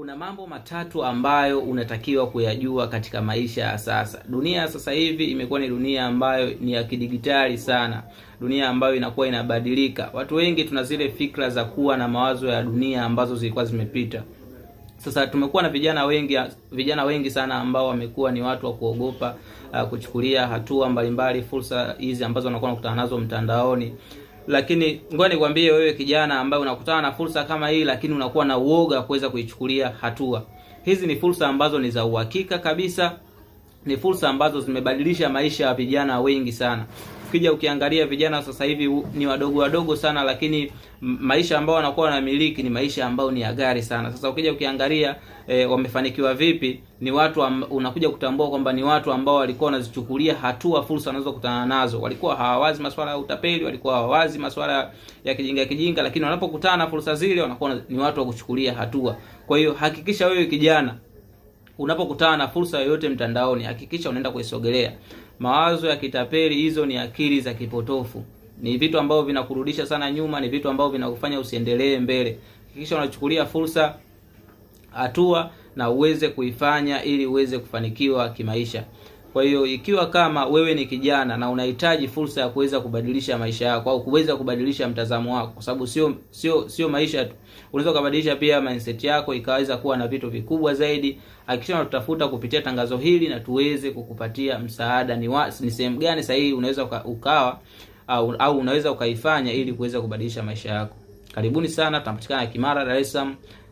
Kuna mambo matatu ambayo unatakiwa kuyajua katika maisha ya sasa. Dunia ya sasa hivi imekuwa ni dunia ambayo ni ya kidigitali sana, dunia ambayo inakuwa inabadilika. Watu wengi tuna zile fikra za kuwa na mawazo ya dunia ambazo zilikuwa zimepita. Sasa tumekuwa na vijana wengi vijana wengi sana ambao wamekuwa ni watu wa kuogopa uh, kuchukulia hatua mbalimbali, fursa hizi ambazo wanakuwa wanakutana nazo mtandaoni lakini ngoja nikwambie wewe kijana ambaye unakutana na fursa kama hii, lakini unakuwa na uoga kuweza kuichukulia hatua, hizi ni fursa ambazo ni za uhakika kabisa ni fursa ambazo zimebadilisha maisha ya vijana wengi sana. Ukija ukiangalia vijana sasa hivi ni wadogo wadogo sana, lakini maisha ambao wanakuwa wanamiliki ni maisha ambayo ni ya gari sana. Sasa ukija ukiangalia e, wamefanikiwa vipi, ni watu amb, unakuja kutambua kwamba ni watu ambao walikuwa wanazichukulia hatua fursa wanazokutana nazo. Walikuwa hawawazi masuala ya utapeli, walikuwa hawawazi masuala ya kijinga kijinga, lakini wanapokutana na fursa zile wanakuwa ni watu wa kuchukulia hatua. Kwa hiyo hakikisha wewe kijana unapokutana na fursa yoyote mtandaoni, hakikisha unaenda kuisogelea. Mawazo ya kitapeli, hizo ni akili za kipotofu, ni vitu ambavyo vinakurudisha sana nyuma, ni vitu ambavyo vinakufanya usiendelee mbele. Hakikisha unachukulia fursa hatua na uweze kuifanya ili uweze kufanikiwa kimaisha. Kwa hiyo ikiwa kama wewe ni kijana na unahitaji fursa ya kuweza kubadilisha maisha yako au kuweza kubadilisha mtazamo wako, kwa sababu sio sio sio maisha tu, unaweza kubadilisha pia mindset yako ikaweza kuwa na vitu vikubwa zaidi. Hakikisha natutafuta kupitia tangazo hili na tuweze kukupatia msaada, ni wa, ni sehemu gani sahihi unaweza ukawa au, au unaweza ukaifanya ili kuweza kubadilisha maisha yako. Karibuni sana, tunapatikana Kimara, Dar es Salaam.